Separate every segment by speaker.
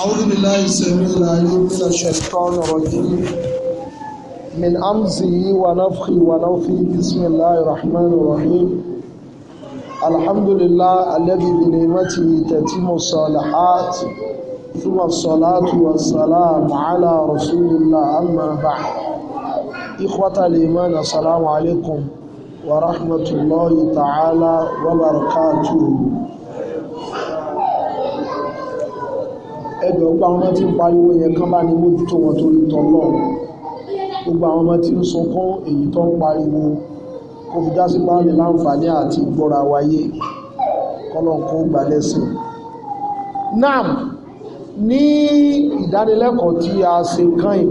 Speaker 1: أعوذ بالله السميع العليم من الشيطان الرجيم من أمزه ونفخي ونوفه بسم الله الرحمن الرحيم الحمد لله الذي بنعمته تتم الصالحات ثم الصلاة والسلام على رسول الله أما بعد إخوة الإيمان السلام عليكم ورحمة الله تعالى وبركاته ẹjọ́ gba ọmọ tí ń pariwo yẹn kán bá ní mójútó wọn torí tọ́lọ́ gbogbo àwọn ọmọ tí ń sunkún èyí tó ń pariwo kó fi dá sí páàlì láǹfààní àti gbọ́ra wáyé kọ́lọ́nkó gbà lẹ́sìn nam ní ìdánilẹ́kọ̀ọ́ tí a ṣe kàn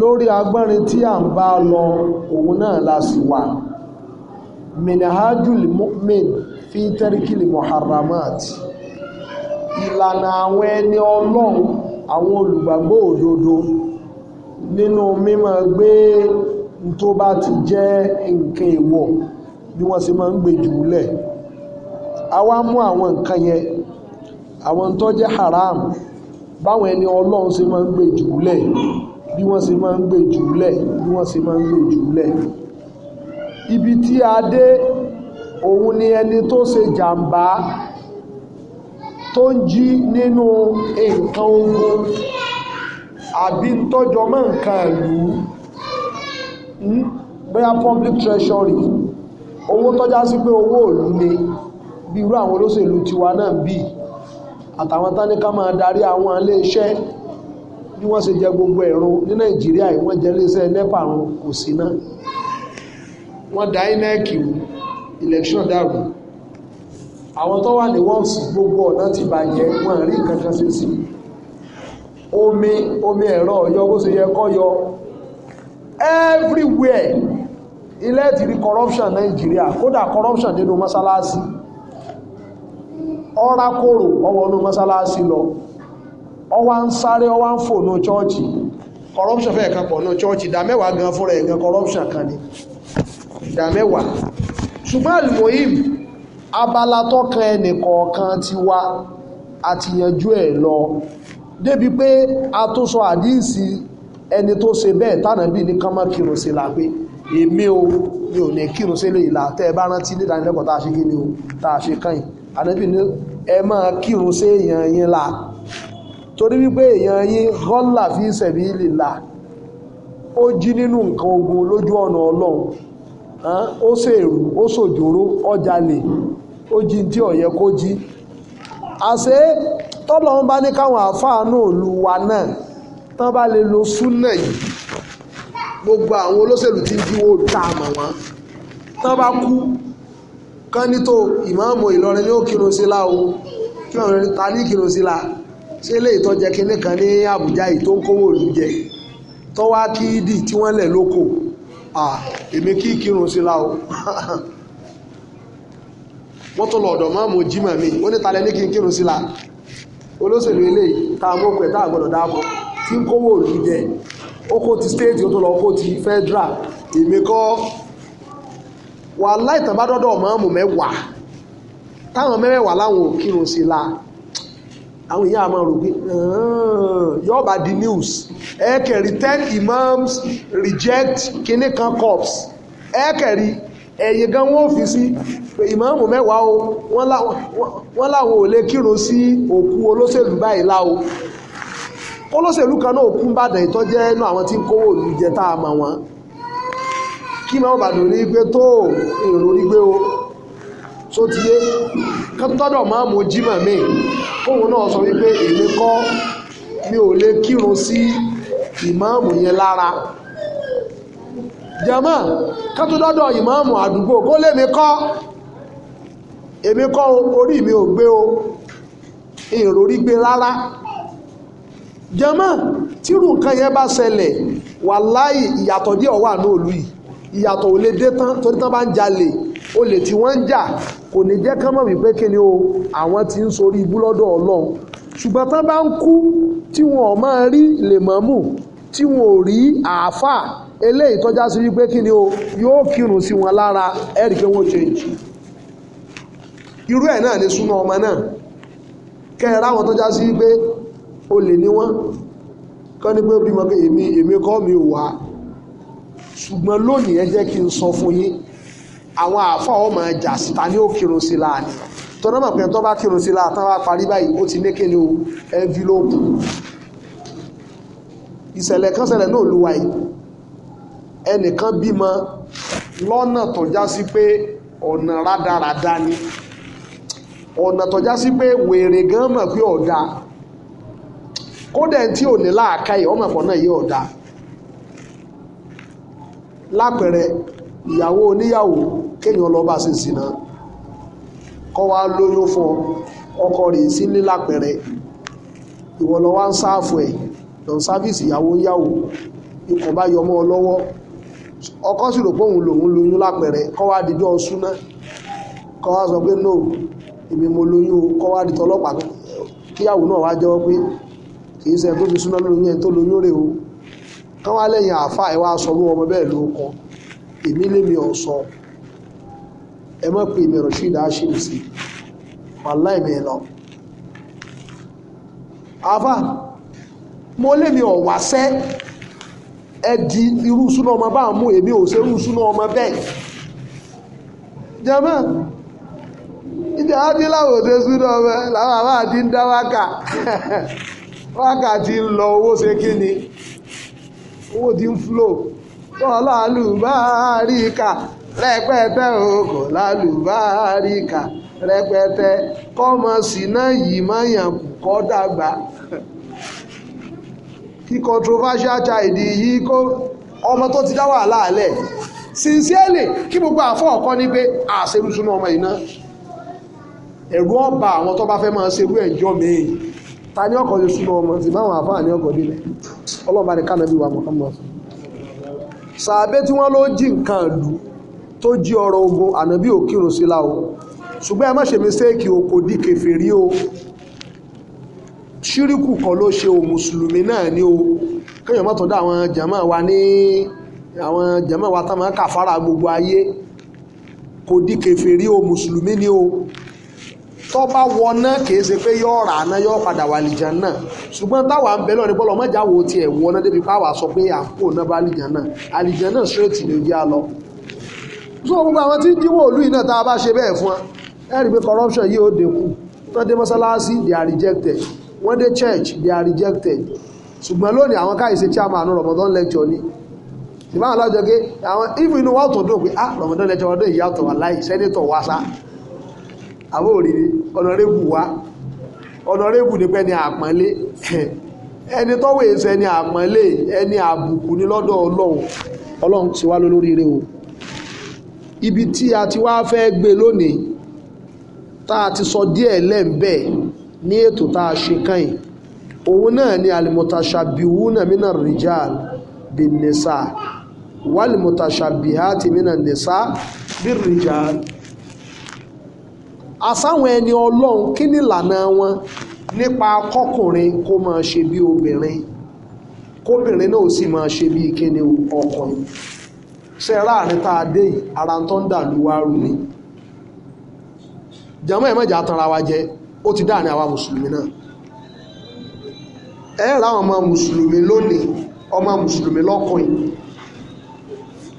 Speaker 1: lórí agbọ́nrin tí a ń bá lọ òun náà la sì wà minahajul mu'min fi tẹ́ríkìlì muharramat. ìlànà àwọn ẹni ọlọ́run àwọn olùgbàgbó òdodo nínú mímọ̀ gbé tó ti jẹ́ nǹkan èèwọ̀ bí wọ́n ṣe máa ń gbé a wá mú àwọn nǹkan yẹn àwọn tó jẹ́ haram báwọn ẹni ọlọ́run ṣe máa ń gbé jùlẹ̀ bí wọ́n máa ń bí wọ́n ibi tí a dé òun ni ẹni tó ń jí nínú nǹkan ogun àbí tọ́jọ mọ́ nǹkan ìlú hmm, bóyá public treasury owó tọ́já sí pé owó ìlú bí irú àwọn olóṣèlú tiwa náà bí àtàwọn táníká máa darí àwọn iléeṣẹ́ bí wọ́n ṣe jẹ gbogbo ẹ̀rọ ní nàìjíríà yìí wọ́n jẹ iléeṣẹ́ kò sí náà wọ́n inec election dàrú àwọn tó wà ní wọ́ọ̀sì gbogbo ọ̀nà ti bàjẹ́ wọn rí nǹkan kan ṣe sí omi omi ẹ̀rọ yọ bó ṣe yẹ kọ́ yọ everywhere ilẹ̀ ti rí corruption Nàìjíríà kódà corruption nínú mọ́sálásí ọ̀rá kòrò ọwọ́ inú mọ́sálásí lọ ọwá ń sáré ọwá ń fò ní chọ́ọ̀chì corruption fẹ́ẹ̀ kan pọ̀ ní chọ́ọ̀chì ìdámẹ́wàá gan fúnra ẹ̀ gan corruption kan ni ìdámẹ́wàá ṣùgbọ́n àlùmọ́yìmù abala tọ́kan ẹnì kọ̀ọ̀kan ti wá àti yanjú ẹ̀ lọ débi pé a tó sọ àdíǹsì ẹni tó ṣe bẹ́ẹ̀ tánàbí ní kánmọ́ kírun sí la pé èmi o mi ò ní kírun sí léyìí la tẹ́ ẹ bá rántí ní ìdánilẹ́kọ̀ọ́ tá a ṣe kí ni o tá a ṣe kàn yìí ànábì ní ẹ máa kírun sí èèyàn yín la torí wípé èèyàn yín gọ́là fi sabilillah ó jí nínú nǹkan ogun lójú ọ̀nà ọlọ́run ó ṣèrú ó ṣòjòrò ó jalè ó jí tí ó yẹ kó jí àṣé tọ́lọ́run bá ní káwọn àfáànù òlu wa náà tán bá lè lo súnà yìí gbogbo àwọn olóṣèlú tí ń jíwó tá a mọ̀ tán bá kú kán nító ìmáàmù Ìlọrin ní ó kírun sí láwo kí wọ́n rẹ̀ ta ní kírun sí la ṣé lè tọ́jẹ́ kinní kan ní Àbújá yìí tó ń kówó òlu jẹ tọ́wá kí dì tí wọ́n lẹ̀ lóko èmi kí kírun sí láwo wọ́n tó lọ ọ̀dọ̀ máa mú jímọ̀ mi ó ní talẹ́ ní kí n kírun sí la olóṣèlú eléyìí tá a mọ̀ pé tá a gbọ́dọ̀ dáàbò tí ń kówó òlù jẹ ó kó ti state ó tó lọ kó ti federal èmi kọ́ wàhálà ìtàn bá dọ́dọ̀ máàmù mẹ́wàá táwọn mẹ́wàá láwọn ò kírun sí la àwọn èèyàn àmọ́ rò pé yóò bá di news ẹ̀ẹ́kẹ̀rí ten imams reject kínní kan corps ẹ̀ẹ́kẹ̀rí. E ẹ̀yìn gan wọ́n fi sí ìmáàmù mẹ́wàá o wọ́n láwọn ò lè kírun sí òkú olóṣèlú báyìí láwo olóṣèlú kan náà kún bàdàn ìtọ́jẹ́ inú àwọn tí ń kówó òlù jẹ tá a mọ̀ wọ́n kí máa bàdàn rí gbé tó èrò rí gbé o tó ti yé kọ́tọ́dọ̀ máa mú jímọ̀ mi kóhun náà sọ wípé èmi kọ́ mi ò lè kírun sí ìmáàmù yẹn lára jàmáà kátó dọ́dọ̀ ìmáàmù àdúgbò kó lèmi kọ́ èmi kọ́ orí mi ò gbé o ìròrí gbé rárá jàmáà tírù nǹkan yẹn bá ṣẹlẹ̀ wàláì ìyàtọ̀ díẹ̀ wà ní òlú yìí ìyàtọ̀ ò lè dé tán torí tán bá ń jalè olè tí wọ́n ń jà kò ní jẹ́ kán mọ̀ wípé kí ni o àwọn tí ń sorí ibú lọ́dọ̀ ọlọ́run ṣùgbọ́n tán bá ń kú tí wọn ò máa rí lèmọ́mù tí wọn ò rí àáfàá eléyìí tọ́já sí wípé kí ni o yóò kírun sí wọn lára ẹ̀rì pé wọ́n change irú ẹ̀ náà ní súnmọ́ ọmọ náà kẹ́ẹ̀rá wọn tọ́já sí wípé o lè ní wọ́n kọ́ ní pé bímọ pé èmi èmi kọ́ mi ò wá ṣùgbọ́n lónìí ẹ jẹ́ kí n sọ fún yín àwọn àáfàá ọmọ ẹja síta ni ó kírun sí láàánú tọ́nà mọ̀ pé tó bá kírun sí láàánú táwọn parí báyìí ó ti lékè ní o envelope. ìṣẹ̀lẹ̀ kan ṣẹlẹ̀ náà lùwà yìí ẹnìkan bímọ lọ́nà tó já sí pé ọ̀nà rádaràda ni ọ̀nà tó já sí pé wèrè gan mọ̀ pé ọ̀dà kódà tí ò ní láàkáyè ọmọ náà ọ̀dà lápẹ̀rẹ̀ ìyàwó oníyàwó kéèyàn lọ bá sì sínà kọ́ wa lóyún fún ọkọ rẹ̀ sí ní lápẹ̀rẹ̀ ọkọ sì rò pé òun lòun lóyún lápẹẹrẹ kọ́ wá dijọ́ súná kọ́ wá sọ pé mo lóyún o kọ́ tọlọ́pàá kíyàwó náà wá jẹ́wọ́ pé kì í ṣe tó fi súná lóyún tó lóyún rè o kán wá lẹ́yìn àáfàá ẹ̀ wá sọ fún ọmọ bẹ́ẹ̀ ló èmi lèmi sọ ẹ mọ̀ pé èmi mi lọ. àáfàá mo lèmi wá sẹ́ Edi di irú súná ọmọ bá mú èmi ò ṣe irú súná ọmọ bẹ́ẹ̀ jẹ́mọ́ ìjà adíláwò ṣe súná ọmọ làwọn àbá àti ń dá wákà wákà ti ń lọ owó ṣe kí ni owó ti ń ọlọ́àlùbáríkà rẹpẹtẹ òkò lálùbáríkà rẹpẹtẹ kọ́mọ sínú yìí máa kí controversial child yìí kó ọmọ tó ti dá wàhálà alẹ́ sincerely kí gbogbo àfọ́ ọ̀kọ́ ní pé àṣerúsúná ọmọ iná ẹ̀rú ọba àwọn tó bá fẹ́ máa ṣerú ẹ̀jọ́ mi-ín ta ní ọkọ̀ lè súná ọmọ tí báwọn àfáà ní ọkọ̀ délẹ̀ ọlọ́ọ̀bá ní kánàbí wa mọ̀kánmọ́ sàbẹ́ tí wọ́n ló jí nǹkan ìlú tó jí ọrọ̀ ogun ànábì òkírun sílá o ṣùgbọ́n ẹ má ṣe mistake o kò di kèfèrí o ṣíríkù kan ló ṣe o mùsùlùmí náà ni o kéèyàn mọ́tò àwọn jàmá wa ní àwọn jàmá wa tá máa kàfàrà gbogbo ayé kò di kèfèrí o mùsùlùmí ni o tó bá wọná kìí ṣe pé yóò rà ná yóò padà wà lìjà náà ṣùgbọ́n táwa ń bẹ lọ́rin bọ́lọ̀ mọ́jà wo tiẹ̀ wọná débi páwà sọ pé à ń bá lìjà náà àlìjà náà straight ni ó yá lọ so gbogbo àwọn tí ń díwọ́ òlú yìí náà tá a bá ṣe bẹ́ẹ̀ fún wa ẹ pé corruption yìí ó dínkù tó dé mọ́sálásí they are rejected when they church they are rejected ṣùgbọ́n lónìí àwọn káyìí ṣe chairman Ramadan lecture ni ìbá àwọn alájọ pé àwọn even inú wọ́n tó dùn pé ah Ramadan lecture ọdún ìyá ọ̀tọ̀ wà láì sẹ́nitọ̀ wá sá àwọn òrìrì ọ̀nàrẹ́bù wá ọ̀nàrẹ́bù nípẹ́ ni àpọ́nlé ẹni tọ́wọ́ èsẹ̀ ni àpọ́nlé ẹni àbùkù ní lọ́dọ̀ Ọlọ́run Ọlọ́run ti wá lóríire o ibi tí a ti wá fẹ́ gbé lónìí tá a ti sọ díẹ̀ lẹ́ńbẹ́ẹ̀ ní ètò tá a ṣe kàn òun náà ni almutashabihuna mina rijal bin nisa walmutashabihati mina nisa bin rijal àsáwọn ẹni ọlọ́run kí ni ìlànà wọn nípa kọkùnrin kó máa ṣe bí obìnrin kóbìnrin náà sì máa ṣe bí kíni ọkùnrin ṣe ráàrin tá a dé yìí ara tó ń dà lúwárù ni jàmọ́ ẹ̀ mọ̀jà tanra wa jẹ́ ó ti dáàrin àwa mùsùlùmí náà ẹ ra ọmọ mùsùlùmí lónìí ọmọ mùsùlùmí lọ́kùnrin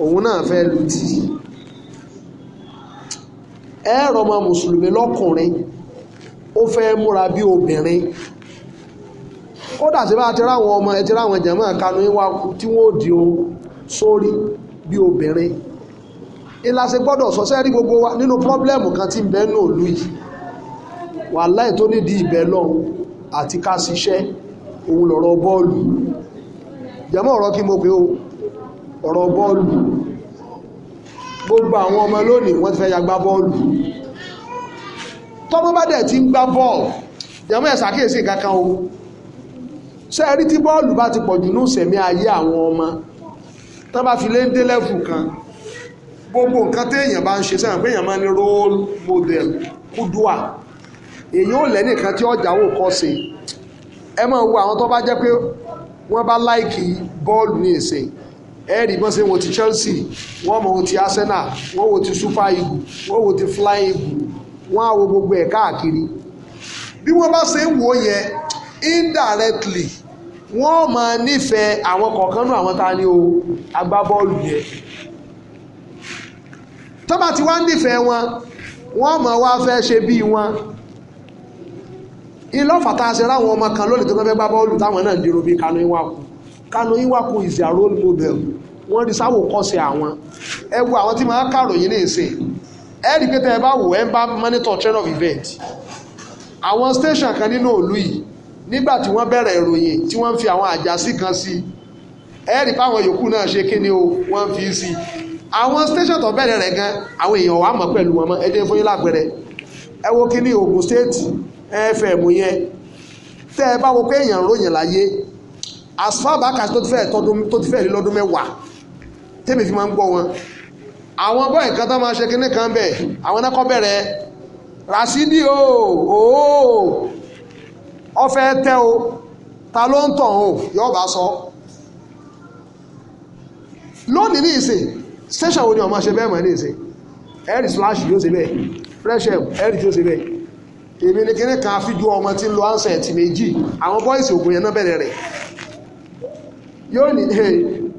Speaker 1: òun náà fẹ́ lu tí ẹ rọ ọmọ mùsùlùmí lọ́kùnrin ó fẹ́ múra bí obìnrin kódà sí bá ti ráwọn ọmọ ẹ ti ráwọn jẹ̀mọ́ kanu wá tí wọ́n di ohun sórí bí obìnrin ìlàsẹ̀ gbọ́dọ̀ sọ sẹ́rí gbogbo wa nínú pọ́blẹ́mù kan tí ń bẹ́ẹ̀ náà lù yìí wàláì tó nídìí ìbẹ̀ lọ́hùn àti ká ṣiṣẹ́ òun lọ̀rọ̀ bọ́ọ̀lù jẹ́mọ́ ọ̀rọ̀ kí mo pé o ọ̀rọ̀ bọ́ọ̀lù gbogbo àwọn ọmọ lónìí wọ́n ti fẹ́ ya gbá bọ́ọ̀lù tọ́mọ́ bá dẹ̀ ti ń gbá bọ́ọ̀lù jẹ́mọ́ ẹ̀ ṣàkíyèsí kankan o ṣé ẹ rí tí bọ́ọ̀lù bá ti pọ̀jù ní ìsẹ̀mí ayé àwọn ọmọ tán bá fi lé ń dé lẹ́fù kan gbogbo nǹkan téèyàn bá ń ṣe sẹ́yìn pé èèyàn máa ní role model kúdùà èyí ò lẹ́nìkan tí ọjà wò kọ́ sí ẹ máa wo àwọn tó bá jẹ́ pé wọ́n bá láìkì bọ́ọ̀lù ní ìsìn ẹ̀rí bọ́n ṣe wọ́n ti Chelsea wọ́n mọ̀ wọ́n ti Arsenal wọ́n wọ́n ti Super Eagles wọ́n wọ́n ti Flying Eagles wọ́n á wo gbogbo ẹ̀ káàkiri bí wọ́n bá ṣe ń wò yẹn indirectly wọ́n máa nífẹ̀ẹ́ àwọn kọ̀ọ̀kan nù àwọn ta ni o agbábọ́ọ̀lù yẹn tó bá ti wá nífẹ̀ẹ́ wọn wọ́n máa wá fẹ́ ṣe bíi wọn ìlọ́fà tá a ṣe ráwọn ọmọ kan lónìí tó kọ́ fẹ́ gbá bọ́ọ̀lù táwọn náà dèrò bíi Kanu Iwaku Kanu Iwaku is their role model wọ́n rí sáwò kọ́sẹ̀ àwọn ẹ wo àwọn tí máa kàròyìn ní ìsìn ẹ rí pé tẹ ẹ bá wò ẹ bá monitor train of event àwọn station kan nínú òlu yìí nígbà tí wọ́n bẹ̀rẹ̀ ìròyìn tí wọ́n ń fi àwọn àjàsí kan sí ẹ rí pé àwọn yòókù náà ṣe kíni o wọ́n fi sí àwọn station tó bẹ̀rẹ̀ rẹ̀ gan àwọn èèyàn wà mọ̀ pẹ̀lú wọn mọ́ ẹ jẹ́ fún yín lágbẹ̀rẹ̀ ẹ wo kíní Ògùn state fm yẹn tẹ́ ẹ bá wo pé èèyàn ròyìn láyé as far back as tó ti fẹ́ tó ti fẹ́ lé lọ́dún mẹ́wàá tèmi fi máa ń gbọ́ wọn àwọn bọ́ọ̀ nǹkan tó máa ṣe kinní kan bẹ̀ àwọn náà kọ́ bẹ̀rẹ̀ Rasidi o ooo ọfẹ́ tẹ́ o ta ló ń tàn o yóò bá sọ lónìí ní ìsìn ṣẹ́ṣà wo ni ọmọ ṣe bẹ́ẹ̀ mọ̀ ní ìsìn ẹ̀rì slash yóò ṣe bẹ́ẹ̀ fresh air ẹ̀rì tí ó ṣe bẹ́ẹ̀ èmi ní kíní kan fídíò ọmọ tí ń lo ansẹ̀ ti méjì àwọn bọ́ìsì ògùn yẹn náà bẹ̀rẹ̀ rẹ̀ yóò ní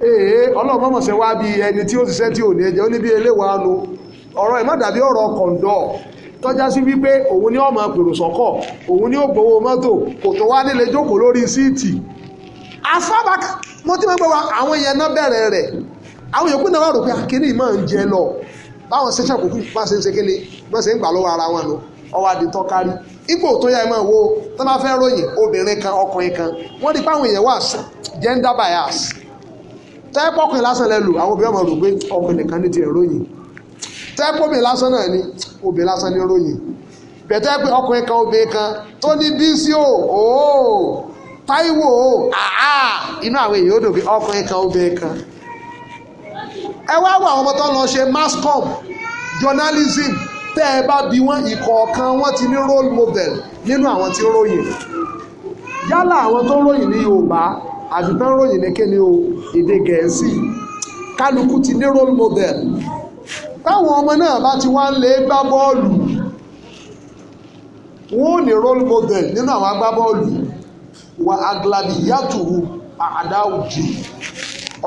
Speaker 1: ee ọlọ́run mọ̀mọ̀ sẹ́ wá bí ẹni tí ó ṣiṣẹ́ tí ò ní ẹ̀jẹ̀ ó ní bí eléwàá nu ọ̀rọ̀ ẹ̀ má dàbí ọ̀rọ̀ kọ̀ǹdọ̀ tọ́já sí wípé òun ni ọmọ pèrò sọ́kọ̀ òun ni ó gbowó mọ́tò kò tó wá nílé jókòó lórí síìtì afábàkà mo ti máa ń gbọ́ wa àwọn èèyàn náà bẹ̀rẹ̀ rẹ̀ àwọn yòókù náà wà rò pé akínní ah, máa ń jẹ lọ báwọn ṣẹṣẹ kò kú bá ṣe ń ṣe ń gbà lọ́wọ́ ara wọn lọ. ọwọ́ adi ipò tó yá ya máa tó bá fẹ́ ròyìn obìnrin kan ọkùnrin kan wọ́n di páwọn èèyàn wà gender bias tẹ́pọ̀ ọkùnrin lásán lẹ́lu àwọn obìnrin ọmọ rò pé ọkùnrin kan ní tiẹ̀ ròyìn tẹ́pọ̀ obìnrin lásán náà ni obìnrin lásán ní ròyìn bẹ̀tẹ́ pé ọkùnrin kan obìnrin kan tó ní o ooo táíwò o àá inú àwọn èèyàn ó dòbí ọkùnrin kan obìnrin kan ẹ wá àwọn tẹ́ ẹ bá bi wọ́n ìkọ̀ọ̀kan wọ́n ti ní role model nínú àwọn tí ń ròyìn yálà àwọn tó ń ròyìn ní Yorùbá àti tó ń ròyìn ní kéde o èdè Gẹ̀ẹ́sì kálukú ti ní role model táwọn ọmọ náà bá ti wá ń lè gbá bọ́ọ̀lù wọn ò ní role model nínú àwọn agbábọ́ọ̀lù wa aglabi yàtùrù àdáwùjì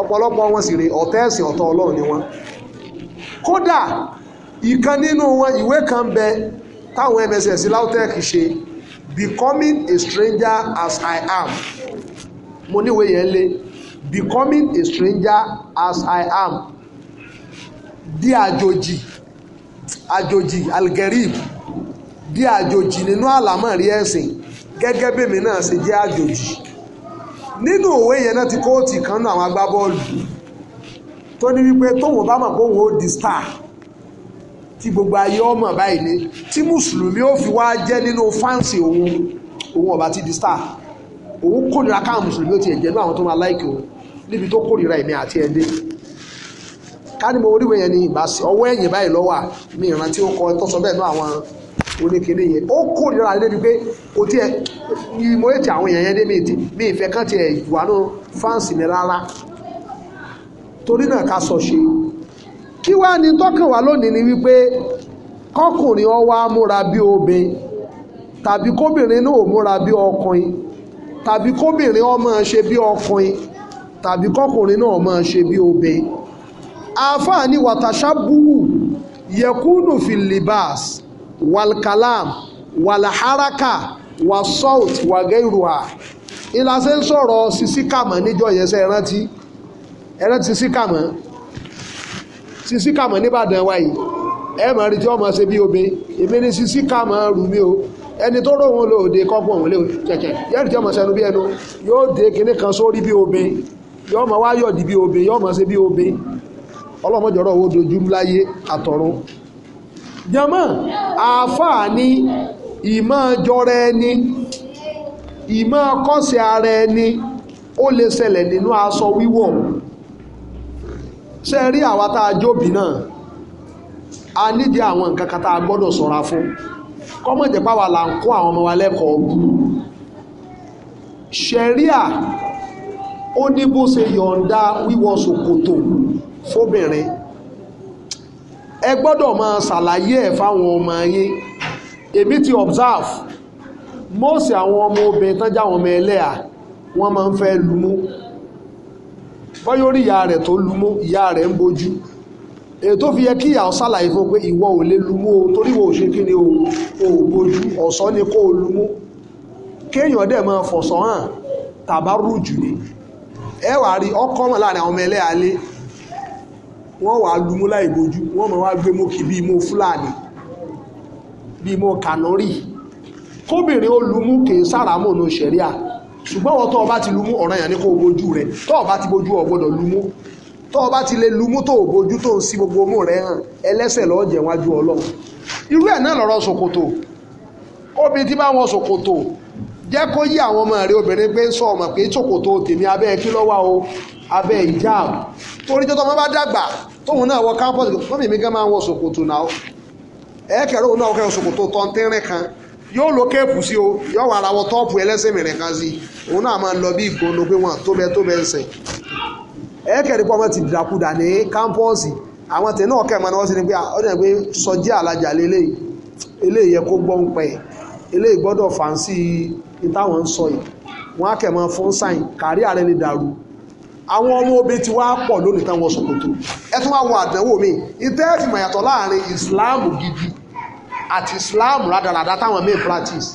Speaker 1: ọ̀pọ̀lọpọ̀ wọn sì rè ọ̀tẹ́ẹ̀sì ọ̀tọ̀ Ọlọ́run ni wọn kódà ìkan nínú wọn ìwé kan bẹ táwọn mss lautech ṣe becoming a stranger as i am mo níwèé yẹn lé becoming a stranger as i am di àjòjì àjòjì algerib di àjòjì nínú àlámọ̀rí ẹ̀sìn gẹ́gẹ́ bèmi náà ṣe jẹ́ àjòjì nínú òwe yẹn náà ti kóòtì kan náà àwọn agbábọ́ọ̀lù tó ní wípé tóun bá mọ̀ pé òun ó di star tí gbogbo ayé ọmọ báyìí ni tí mùsùlùmí ó fi wá jẹ́ nínú fáǹsì òun òun ọba ti di star òun kórìíra káwọn mùsùlùmí ó ti ẹ̀jẹ̀ náà àwọn tó máa láìkì òun níbi tó kórìíra ẹ̀mí àti ẹ̀dẹ́ ká mo oríwé yẹn ni ìbá ọwọ́ ẹ̀yìn báyìí lọ́wọ́ mi ìran tí ó kọ tó sọ bẹ́ẹ̀ náà àwọn oníkèlé yẹn ó kórìíra débi pé kò tiẹ̀ mo ètò àwọn èèyàn yẹn dé mi ìfẹ́ kàn tiẹ̀ wà nù fáǹsì mi rárá torí náà ká sọ ṣe kí wá ní tọ́kàn wá lónìí ni wípé kọkùnrin ó wá múra bí obìnrin tàbí kóbìnrin náà ò múra bí ọkùnrin tàbí kóbìnrin ó máa ṣe bí ọkùnrin tàbí kọkùnrin náà ó máa ṣe bí obìnrin àáfàá ni wàtàṣà búwù yẹkúnù filibas walkalam wàlàháràkà wasaut wàgẹ́rùhà ìlàsẹ̀ ń sọ̀rọ̀ sísíkàmọ́ níjọ́ yẹn sẹ́ ẹrántí ẹrántí sísíkàmọ́ sisi kàmọ́ nìbàdàn wa yìí ẹ mọ̀ rí tí ọmọ ṣe bí obe èmi ni sisi kàmọ́ rù mí o ẹni tó róhun lòdì kọ́gbọ̀n òun lè kẹ̀kẹ́ yẹ́rì tí ọmọ ṣẹnu bí ẹnu yóò dé kinní kan sórí bí obe yóò mọ̀ wá yọ̀dì bí obe yóò mọ̀ ṣe bí obe ọlọ́mọdọ̀rọ̀ owó dojú láyé àtọ̀run jàmá àáfàá ni ìmọ̀ jọra ẹni ìmọ̀ kọ́sẹ̀ ara ẹni ó lè ṣẹlẹ̀ nínú aṣọ wíwọ̀ ṣe rí àwa tá a jóbi náà a nídìí àwọn nǹkan kan tá a gbọ́dọ̀ sọ̀ra fún kọ́mọ̀jẹ̀ pàwà là ń kó àwọn ọmọ wa lẹ́kọ̀ọ́ ṣẹ̀ríà ó ní bó ṣe yọ̀ǹda wíwọ̀ ṣòkòtò fóbìnrin ẹ gbọ́dọ̀ máa ṣàlàyé ẹ̀ fáwọn ọmọ yín èmi ti observe mọ́ọ̀sì àwọn ọmọ obìnrin tán jáwọn ọmọ ẹlẹ́à wọ́n máa ń fẹ́ lumú bọ́yórí ìyá rẹ̀ tó lumó ìyá rẹ̀ ń bójú èyí tó fi yẹ kí ìyá ọ̀sàlàyé fún pé ìwọ ò lè lumó o torí wo ṣe kí ni o ò bójú ọ̀sọ́ ni kó o lumó kéèyàn dẹ̀ máa fọ̀sọ̀ hàn tàbá rújù ni ẹ wàá rí ọkọ mọ̀ láàrin àwọn ọmọ ẹlẹ́ alé wọ́n wàá lumó láì bójú wọ́n máa wá gbé mókì bíi mo fúlàní bíi mo kànórì kóbìnrin ó lumú kì í sáràmù ní ṣẹ̀ríà ṣùgbọ́n wọn tọ́ ọba ti lumú ọ̀ràn yẹn ní kó o bojú rẹ̀ tọ́ ọba ti bojú ọ gbọ́dọ̀ lumú tọ́ ọba ti lè lumú tó o bojú tó o sí gbogbo mú rẹ̀ hàn ẹlẹ́sẹ̀ lọ́ọ́ jẹ̀ wájú ọlọ́run irú ẹ̀ náà lọ́rọ̀ ṣòkòtò obìnrin tí bá wọn ṣòkòtò jẹ́ kó o abẹ́ ìjáàbù torí tó tọmọ bá dàgbà tóun náà wọ kápọ́ọ̀tì mọ́mí mi gan máa ń wọ ṣòkòtò náà ẹ̀ẹ́kẹ̀rọ òun náà wọ ṣòkòtò tọ́ntínrín kan yóò lo kéèpù sí o yóò wà láwọ tọ́ọ̀pù ẹlẹ́sẹ̀ mìíràn kan sí òun náà máa ń lọ bí ìgbóná pé wọ́n tó bẹ́ẹ̀ tó bẹ́ẹ̀ ń sẹ̀ ẹ̀ẹ́kẹ̀rẹ́ pé ọmọ ti ní kámpọ́ọ̀sì àwọn tẹ̀ náà kẹ́ẹ̀mọ́ ni wọ́n ní pé sọjí alájà lélẹ́yìí eléyìí yẹ ọmọ obi ti wá pọ̀ lónìí táwọn sọ̀kòtò ẹ tún wá wo àdánwò mi láàrin àti Islam rádaràdá táwọn main practice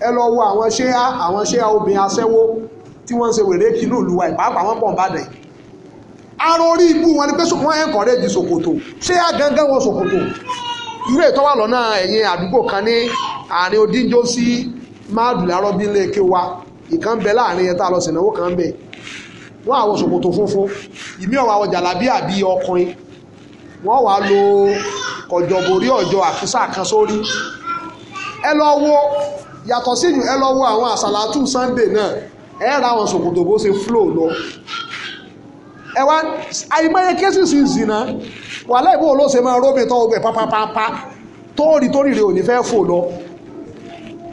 Speaker 1: ẹ lọ wo àwọn ṣéyà àwọn ṣéyà obìnrin aṣẹ́wó tí wọ́n ń ṣe wèrè kí ní ìlúwa ìpàápàá wọn pọ̀ ń bàdàn yìí arọ orí ibú wọn ni pé wọ́n ẹ̀ kọ̀rẹ́ di ṣòkòtò ṣéyà gángan wọ ṣòkòtò ìwé ìtọ́wà lọ́nà ẹ̀yìn àdúgbò kan ní àárín odíjó sí máàdù lárọ́ bí ilé ké wa ìkan bẹ láàrin ẹ̀ta lọ sìnáwó kan bẹ wọ́n àwọn ṣòkòtò funfun ìmí ọ̀wà ọjà làbí àbí ọkùnrin wọ́n wàá lo kọ̀jọ̀bòrí ọ̀jọ̀ àkísà kan sórí ẹ lọ wo yàtọ̀ sí ẹ lọ wo àwọn àsàlátù sunday náà ẹ ra àwọn ṣòkòtò bó ṣe flow lọ ẹ wá àìmọye kéésì sí zina wàhálà ìbò ló ṣe máa rómi tó ọgbẹ pápápápá tóòrì tóòrìrì òní fẹ́ fò lọ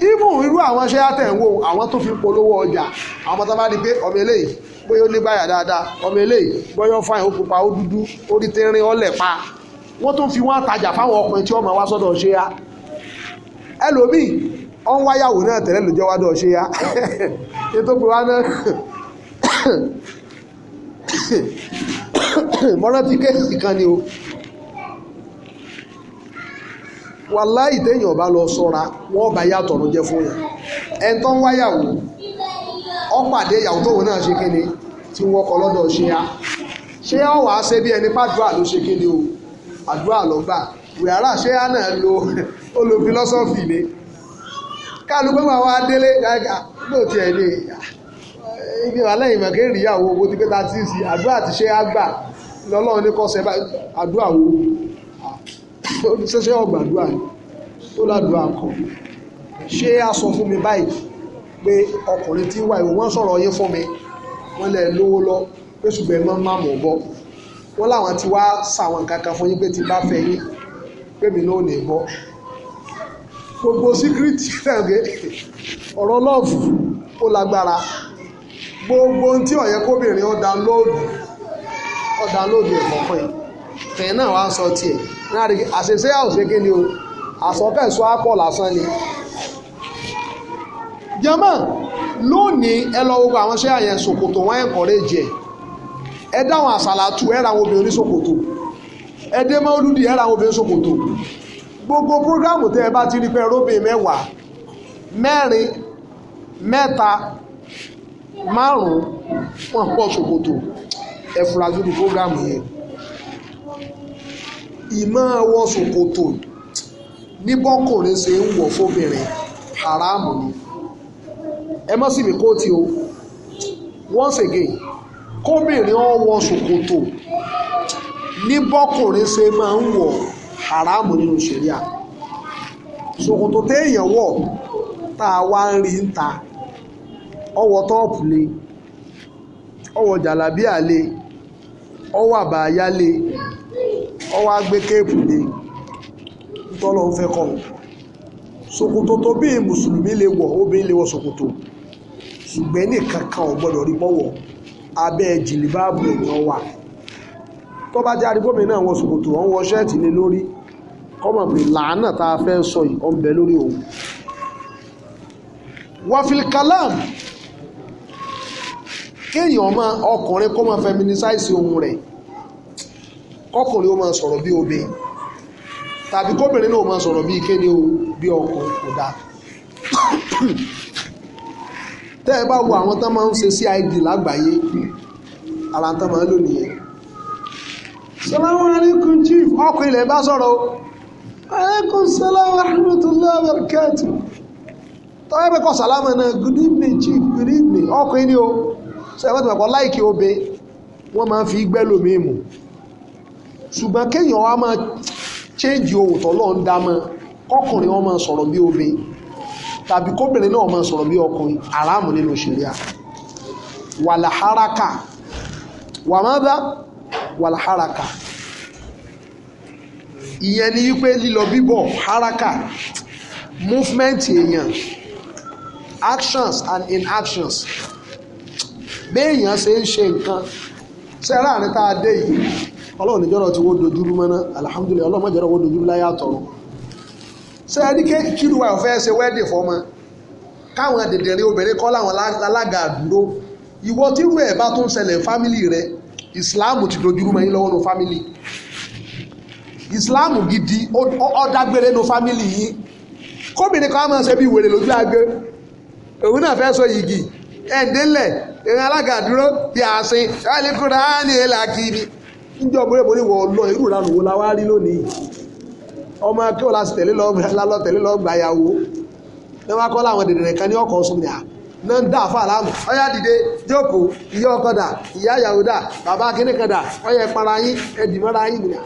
Speaker 1: even irú àwọn ṣẹ́ àtẹ̀wò àwọn tó fi polówó ọjà àwọn ọmọ tó bá di pé ọmọ eléyìí bóyá ó ní báyà dáadáa ọmọ eléyìí bóyá ó fáyìn ó pupa ó dúdú ó rí tẹ́rín ó lẹ̀ pa wọ́n tún fi wọ́n àtajà fáwọn ọkùnrin tí wọ́n máa wá sọ́dọ̀ ṣe ya ẹlòmíì ọ ń wáyàwó náà tẹ̀lé lójọ́ wá dọ̀ ṣe ya ètò pé wá náà mọ́rán ti kéèsì kan ni o wàláì téèyàn bá lọ sọ́ra wọ́n bá yàtọ̀ ló jẹ́ fún yàn ẹn tó ń wáyàwó ọ pàdé ìyàwó tóun náà ṣe kéde tí wọ́n kọ lọ́dọ̀ ṣe ya ṣé ọ wàá ṣe bí ẹni pàdúrà ló ṣe kéde o àdúrà lọ́gbà wíwárà ṣé á náà lo ó lo fílọ́sọ́fì ni kálukú máa wá délé gàgà ló tiẹ̀ ní ibi wà lẹ́yìn mọ̀kẹ́ ìrìyàwó owó ti pé ta ti ń sí àdúrà ti ṣe á gbà lọ́lọ́run ní kọ́sẹ̀ àdúrà wo ṣẹṣẹ́ ọ̀gbàdúrà ni ó ládùúrà kan ṣé a sọ fún mi báyìí pé ọkùnrin tí wà ìwọ̀n sọ̀rọ̀ yín fún mi wọ́n lẹ̀ lówó lọ pé ṣùgbọ́n ẹ máa ń má wọ́n láwọn ti wá sàwọn kankan fún yín pé ti bá fẹ́ yín pé mi náà ò ní bọ́ gbogbo síkírìtì náà gé ọ̀rọ̀ lọ́ọ̀fù ó lágbára gbogbo tí ọ̀yẹ́ kóbìnrin ó dánlóòdù ó dánlóòdù ẹ̀kọ́ pẹ́ tẹ̀yìn náà wá ń sọ tiẹ̀ náà rí àṣeṣe àwòṣe kí ni o àsọkẹ́sọ àpọ̀ lásán ni. jama lónìí ẹ lọ wo àwọn ṣẹ́ àyẹ̀sòkòtò wọn ẹ̀kọ́rẹ́ jẹ́ ẹ dáhùn àsàlátù ẹ ra àwọn obìnrin oníṣòkòtò ẹ dé mọ́ olùdí ẹ ra àwọn obìnrin oníṣòkòtò gbogbo programu tẹ́ ẹ bá ti rí pé róbìn mẹ́wàá mẹ́rin mẹ́ta márùn-ún wọn pọ̀ ṣòkòtò ẹ fura sí ní programu yẹn ìmọ̀ wọ ṣòkòtò ní bọ́kùnrin ṣe ń wọ̀ fóbìnrin haramu ni ẹ mọ́ sí mi kóòtì o once again kóbìnrin ọwọ́ ṣòkòtò ní bọ́kùnrin ṣe máa ń wọ̀ haramu nínú ṣẹ̀ríà ṣòkòtò téèyàn wọ̀ tá a wá ń rí ta ọwọ́ tọ́ọ̀pù ọwọ ọwọ́ jàlábíà ọwọ́ àbáyá ọwọ́ agbé kéèpù le tọ́lọ́ ń fẹ́ kọ́ ṣòkòtò tó bí mùsùlùmí abẹ́ jìlìbáàbù èèyàn wà tó bá jẹ́ arígbómi náà wọ ṣòkòtò ọ̀n wọ ṣẹ́ẹ̀tì lé lórí kọ́mọ̀ pé làánà tá a fẹ́ sọ yìí ọ̀n bẹ lórí òun kalam kéèyàn ọmọ ọkùnrin kó máa ohun rẹ kọkùnrin ó máa sọ̀rọ̀ bí obe tàbí kóbìnrin náà ó máa sọ̀rọ̀ bí kéde bí ọkùnrin kò dáa tẹ́ ẹ bá wo àwọn tán máa ń ṣe CID lágbàáyé ara tán máa ń lò nìyẹn. salamu alaikum chief ọkùn ilẹ̀ bá sọ̀rọ̀ o alaikum salaam wa rahmatullahi wa barakatuh tọ́wọ́ bẹ́ẹ̀ kọ́ salama náà good evening chief good evening ọkùn ni o sẹ́wọ́n tó bá kọ́ láìkí obe wọ́n máa ń fi gbẹ́ lómi mu ṣùgbọ́n kéèyàn wa máa change ohun tọ́lọ́ ń dá mọ́ kọkùnrin wọn máa sọ̀rọ̀ bí obìnrin tàbí kóbìnrin náà máa sọ̀rọ̀ bí ọkùnrin aráàmù nínú ṣẹ̀ríà wàlàháraka wàmọ́dá wàlàháraka ìyẹn ni wípé lílọ bíbọ̀ haraka movement èèyàn actions and inactions béèyàn ṣe ń ṣe nǹkan ṣe láàrin tá a dé yìí ọlọ́run níjọ́rọ̀ tí wọ́n dojúrú mọ́ná alhamdulilayi ọlọ́run mọ́jọ́rọ̀ wọ́n dojúrú láyé àtọ̀run ṣe ẹni kéèkì kírùwà ọ̀fẹ́ ṣe wẹ́ẹ̀dì fọmọ káwọn dèdèrè obìnrin kọ́ láwọn alága àdúró ìwọ tí irú ẹ̀ bá tún ṣẹlẹ̀ fámìlì rẹ ìsìláàmù ti dojúrú mọ́ yín lọ́wọ́ nu fámìlì ìsìláàmù gidi ọ̀dàgbére nu fámìlì yín kóbìnrin kan á máa ṣe bí wèrè lójú agbe òun náà fẹ́ sọ yìgì ẹ̀ǹdẹ́lẹ̀ ìrìn alága àdúró bí àṣin ẹ̀ẹ́lẹ́kùnrin á ní ẹ̀là kiri níjọ́ bóyá bóyá wọ̀ ọ́ lọ ọmọ kí wọ́n láti tẹ̀lé lọ́ọ́ tẹ̀lé lọ́ọ́ gbà yàwó ní wọ́n kọ́ láwọn dèdè nìkan ní ọkọ̀ ọ̀sùn ní à ní ń dá àfa àlámù ọyá dìde jókòó ìyá ọkọ dà ìyá ìyàwó dà bàbá akíní kan dà ọyẹ para yín ẹdì mọ́ra yín nìyà.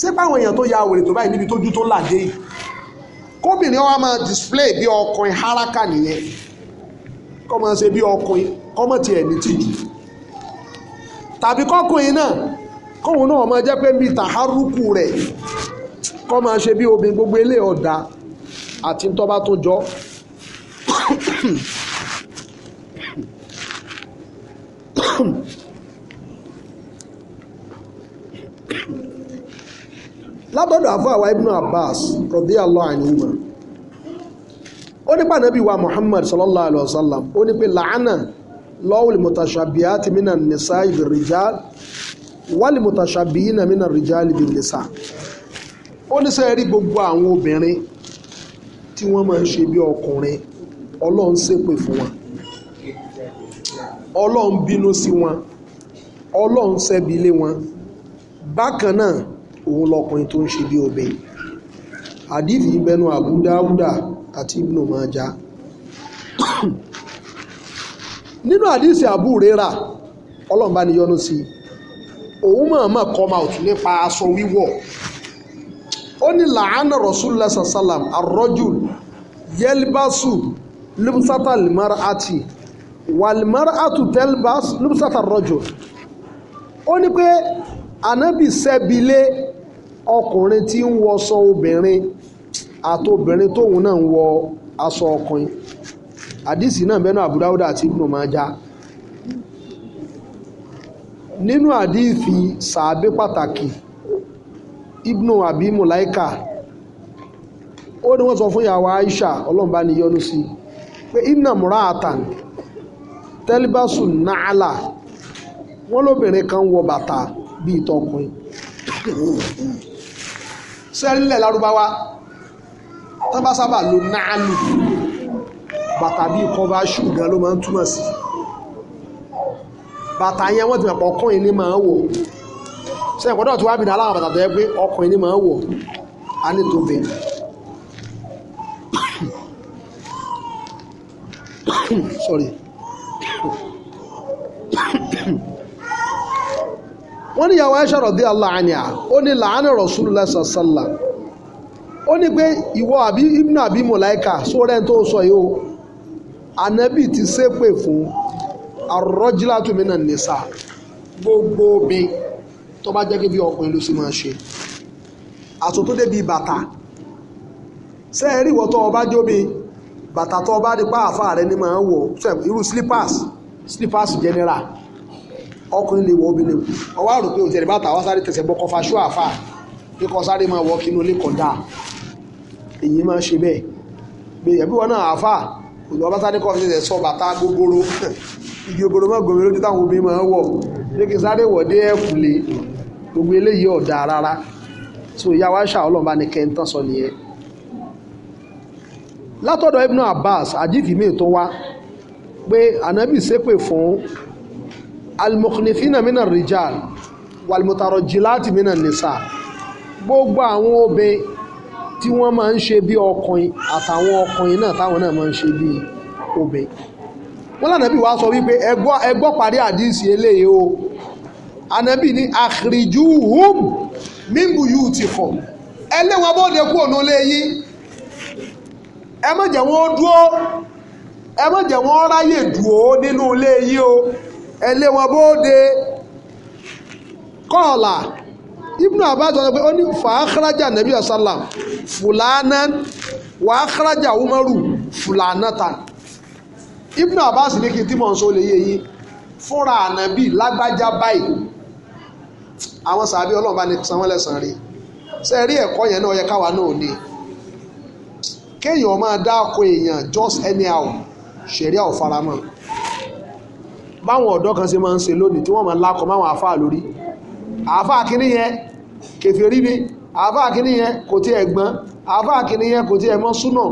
Speaker 1: ṣé báwọn èèyàn tó ya wèrè tó báyìí níbi tójú tó làdé yìí kóbìnrin wa máa display bí ọkùnrin haraka nìyẹn kọ́ máa ṣe bí ọkùnrin kọ́ mọ̀ tiẹ̀ ní tìjú tàbí kọ́kùnrin náà kóhun náà máa jẹ́ pé mi tàhárùkù rẹ̀ kọ́ máa ṣe bí obìnrin gbogbo ilé ọ̀dà àti tọ́ba tó jọ. lábọ́dọ̀ àfọwà ibnu abbas rọ̀dí allah àníwá ó nípa nàbí wa muhammad sallallahu alaihi wasallam ó ní pé làánà lọ́wọ́lì mutashabihati minan nisa ibi rijal wali mutashabihina minan rijal ibi nisa ó ní sẹ́ẹ̀ rí gbogbo àwọn obìnrin tí wọ́n máa ń ṣe bí ọkùnrin ọlọ́run ṣépè fún wọn ọlọ́run bínú sí wọn ọlọ́run ṣẹ́bi lé wọn bákan náà òun lọkùnrin tó ń ṣe bí obìnrin àdìfì bẹnu àbúdáwúdà àti ibnu májà nínú àdìsí àbúrera ọlọ́run bá ní yọ́nú sí òun mọ̀ọ́mọ̀ come out nípa aṣọ wíwọ̀ ó ní làánà rasulullah sallam arrojul yelbasu libsata limarati walimaratu telbas libsata arrojul ó ní pé ànábì sẹ́bilé ọkùnrin tí ń wọṣọ obìnrin àti obìnrin tóun náà ń wọ aṣọ ọkùnrin àdìsí náà bẹ́nu Abu Dawud àti Ibn Majah nínú àdìsí sàábé pàtàkì ibnu àbí mùláìkà ó ní wọ́n sọ fún aisha ọlọ́mbà ni yọ́nú sí pé inna muratan tẹ́líbàsù nàálà wọ́n lóbìnrin kan wọ bàtà bíi tọkùnrin sẹ́rílẹ̀ lárúbáwá tán bá lo náàlù bàtà bíi kọ́va ṣù gan ló máa ń túmọ̀ sí bàtà yẹn wọ́n ti mọ̀ pọ̀ kọ́yìn ní ṣe ìpọ́dọ̀ tí wá bìnà aláwọ̀ bàtà tó yẹ pé ọkùnrin ní máa ń wọ̀ tó bẹ̀ sorry wọ́n ní ìyàwó Aisha radiyallahu ó ní làánà Rasulullah sallallahu ó ní pé ìwọ àbí àbí sọ yìí ti fún nìsa gbogbo obìnrin tó bá jẹ́ kébí ọkùnrin ló sì máa ṣe àtúntò débi bàtà ṣé ẹ rí ìwọ tó ọba jóbi bàtà tó ọba dípá àfa rẹ ni máa ń wọ irú slippers slippers general ọkùnrin lè wọ obìnrin ọwọ́ àrùn pé òtẹ̀rẹ̀ bàtà wá sáré tẹ̀sẹ̀ bọ́ kọfà ṣú àfa kíkọ sáré máa wọ kínú ilé kọ̀dá èyí máa ṣe bẹ́ẹ̀ bẹ́ẹ̀ ẹ̀bí wọn náà àfa òtún ọba sáré kọfà tẹ̀sẹ̀ sọ bàtà gogoro igi ogoro mọ́ gòmìnir gbogbo eléyìí ọ̀dà rárá so ìyá wa ṣà ọlọ́run bá ní kẹ́ńtán sọ nìyẹn látọ̀dọ̀ Ibn Abbas àdìfímì tó wá pé ànábì ṣépè fún almukhnifina mina rijal walmutaro jilati mina nisa gbogbo àwọn obìnrin tí wọ́n máa ń ṣe bí ọkùnrin àtàwọn ọkùnrin náà táwọn náà máa ń ṣe bí obìnrin wọ́n lànà bí wàá sọ wípé ẹgbọ́ parí àdìsí eléyìí o anabi ní akhrijuhum min buyutikum ẹ lé wọn bóde kú ònú lé yín ẹ má jẹ́ wọn dúó ẹ má jẹ́ wọn ráyè dúó nínú ilé yín o ẹ lé wọn bóde kọ́ọ̀là ibnu abbas sọ pé ó ní fàákàrájà nàbí ọ̀sálàm fùlànà wàákàrájà umaru fùlànàtà ibnu abbas ní kí n tí mò ń sọ lè yé fúnra ànábì lágbájá báyìí àwọn sàbí ọlọ́run bá ní san wọ́n lẹ́sàn-án rí ṣe rí ẹ̀kọ́ yẹn náà yẹ káwa náà ní kéèyàn máa dáko èèyàn just anyhow ṣẹ̀rí àwòfaramọ́ báwọn ọ̀dọ́ kan ṣe máa ń ṣe lónìí tí wọ́n máa lákọ̀ máwọn àáfàá lórí àáfàá kìíní yẹn kèfèrí ni àáfàá kìíní yẹn kò tiẹ̀ gbọ́n àáfàá kìíní yẹn kò tiẹ̀ mọ́ súnà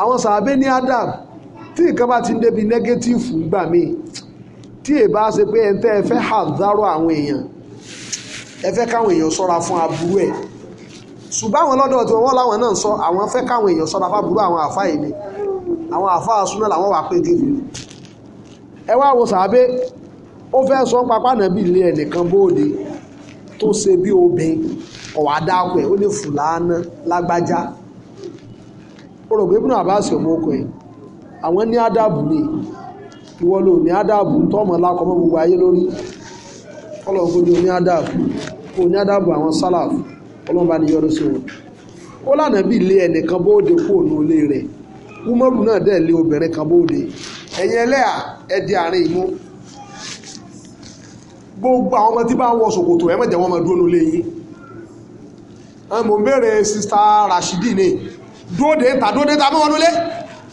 Speaker 1: àwọn sàbẹ́ ní adam tí nǹkan bá ti ń débi nẹ́gẹ́tífù gbà míì tí èbá ṣe pé ẹ̀ ń tẹ́ ẹ fẹ́ hàdárò àwọn èèyàn ẹ fẹ́ káwọn èèyàn sọ́ra fún aburú ẹ̀ ṣùgbọ́n àwọn lọ́dọ̀ tí wọ́n láwọn náà sọ àwọn fẹ́ káwọn èèyàn sọ́ra fún aburú àwọn àfa yìí ni àwọn àfa súná làwọn wà pé gèfè ẹ wá wo sàábé ó fẹ́ sọ papá nàbí ilé ẹnìkan bóde tó ṣe bí obìn ọ̀wá dákọ̀ ẹ̀ ó ní fùlànà lágbájá ó rò pé ibùdó àbá àṣẹ ọmọ ọkọ̀ ẹ̀ àwọn ní ádàbù ni ìwọ ló ní ádàbù ń tọ́mọ̀ gbogbo ayé lórí ọlọ́gbọ́n ní oní ádàbù kò ní ádàbù àwọn sálàf ọlọ́mbà ní yọrọ sí wọn ó lànà bí ilé ẹnìkan bóde kú rẹ̀ kúmọ́rù náà dẹ̀ lé obìnrin kan bóde ẹ̀yìn ẹlẹ́à àárín ìmú gbogbo àwọn ọmọ tí bá ń wọ ṣòkòtò mẹ́jẹ̀ sista Rashidi dóde ta dóde ta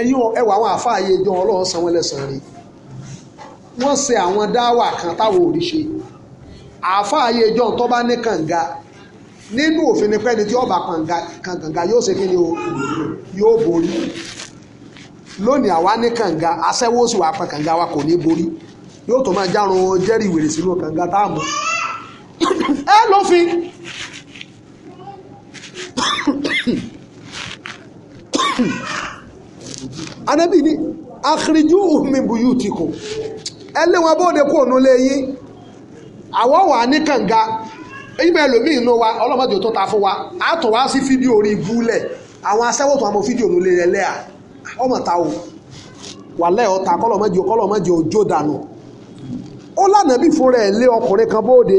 Speaker 1: ẹ̀yin ẹwà àwọn àfáàyè jọ ọlọ́run san wọn lẹ́sàn-án rí wọ́n ṣe àwọn dáwà kan táwọn ò rí ṣe àfáàyè jọ tó bá ní kànga nínú òfin ni pẹ́ni tí ọba kànga yóò ṣe kí ni o yóò borí lónìí àwa ní kànga aṣẹ́wó sì wà pa kànga wa kò ní borí yóò tó máa járun jẹ́rìí wèrè sínú kànga táàmù ẹ lófin anábì ní àkìrìjú min buyutikum ẹ lé wọn bóde kó ònú lé yín àwọn wà ní kànga ibẹ̀ ẹlòmíì inú wa ọlọ́mọdé tó ta fún wa á tọ̀ wá sí fídíò orí ibú lẹ̀ àwọn asẹ́wọ̀ tó wà mọ́ fídíò ònú lé rẹ̀ ọmọ ta o wà lẹ́ ọ̀ta kọ́lọ̀mọ́jì kọ́lọ̀mọ́jì òjò dànù ó lànà bí fúnra ẹ̀ lé ọkùnrin kan bóde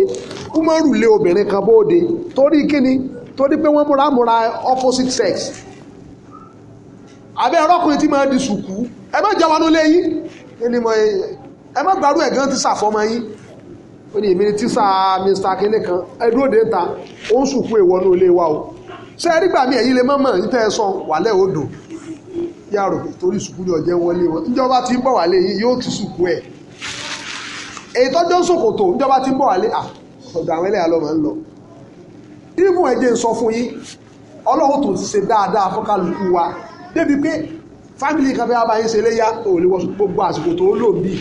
Speaker 1: Umaru lé obìnrin kan bóde torí kíni torí pé wọ́n múra múra opposite sex àbẹ́ ọlọ́kùnrin tí máa di sùkú ẹ má jẹ́ wọnú léyìn ẹni mọ ẹ má gbàrú ẹ̀ gan ti sàfọ́mọ yín ó mr kínní kan ẹ dé ta ó ń sùkú wa o ṣé ẹ nígbà míì ẹ̀yin lè mọ́mọ́ yín tẹ́ ẹ sọ wàlẹ́ odò torí sùkú wọn ìjọba ti ń bọ̀ wálé yín yóò ti sùkú ẹ̀ èyí tọ́jọ́ sòkòtò ìjọba ti ń bọ̀ wálé ọ̀dọ̀ àwọn ẹlẹ́yà lọ́mọ ń ti ṣe dáadáa fọ́kàlùkù débi pé fámìlì kan fẹ́ abáyé ṣe léyà ò lè wọ́n gbogbo àsìkò tó lò bí